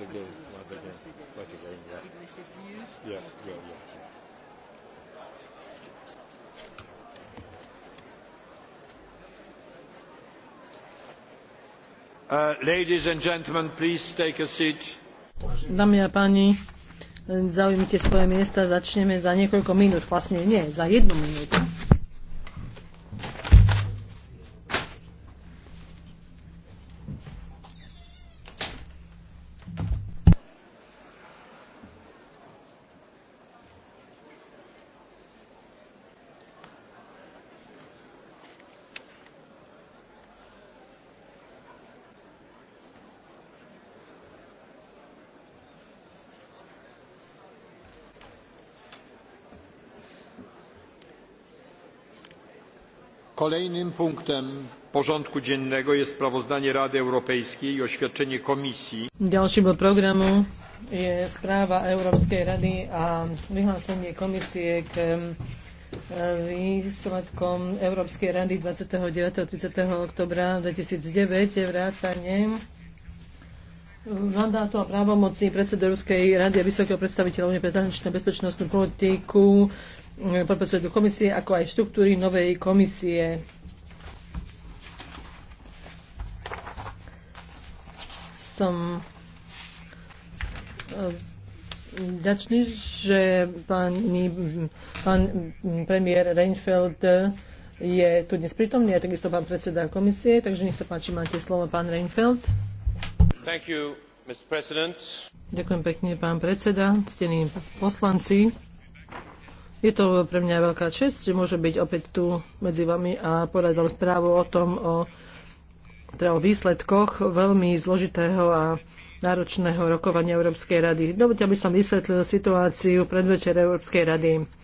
once again, once again, once again, yeah. Yeah, yeah, yeah. Uh, ladies and gentlemen, please take a seat. Dámy a páni, zaujímite svoje miesta, začneme za niekoľko minút, vlastne nie, za jednu minútu. Kolejnym punktem porządku dziennego jest sprawozdanie Rady Europejskiej i oświadczenie Komisji. Ďalší bod programu je správa Európskej rady a vyhlásenie komisie k e, výsledkom Európskej rady 29. a 30. oktobra 2009 vrátane mandátu a právomocí predsedu Európskej rady a vysokého predstaviteľa pre zahraničnú bezpečnostnú politiku Eh, podpredsedu komisie, ako aj štruktúry novej komisie. Som eh, ďačný, že pani, pán premiér Reinfeld je tu dnes prítomný a takisto pán predseda komisie, takže nech sa páči, máte slovo, pán Reinfeld. Thank you, Ďakujem pekne, pán predseda, stení poslanci. Je to pre mňa veľká čest, že môžem byť opäť tu medzi vami a povedať vám správu o tom, o, teda o výsledkoch veľmi zložitého a náročného rokovania Európskej rady. Dovolte, aby som vysvetlil situáciu predvečer Európskej rady.